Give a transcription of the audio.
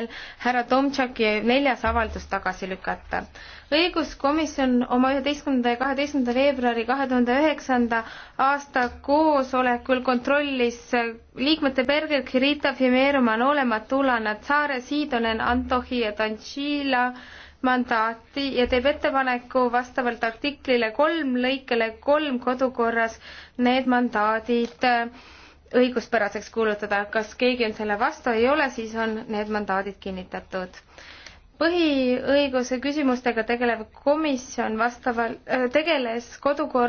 vahel härra Tomtšaki neljas avaldus tagasi lükata. õiguskomisjon oma üheteistkümnenda ja kaheteistkümnenda veebruari kahe tuhande üheksanda aasta koosolekul kontrollis liikmete Berger, Kirita, Fimeru, Manole, Matula, Natsare, Siidonen, Antohi ja Tantšila mandaati ja teeb ettepaneku vastavalt artiklile kolm lõikele kolm kodukorras need mandaadid äh, õiguspäraseks kuulutada. kas keegi on selle vastu, ei ole, siis on need mandaadid kinnitatud. põhiõiguse küsimustega tegelev komisjon vastaval, äh, tegeles kodukord-.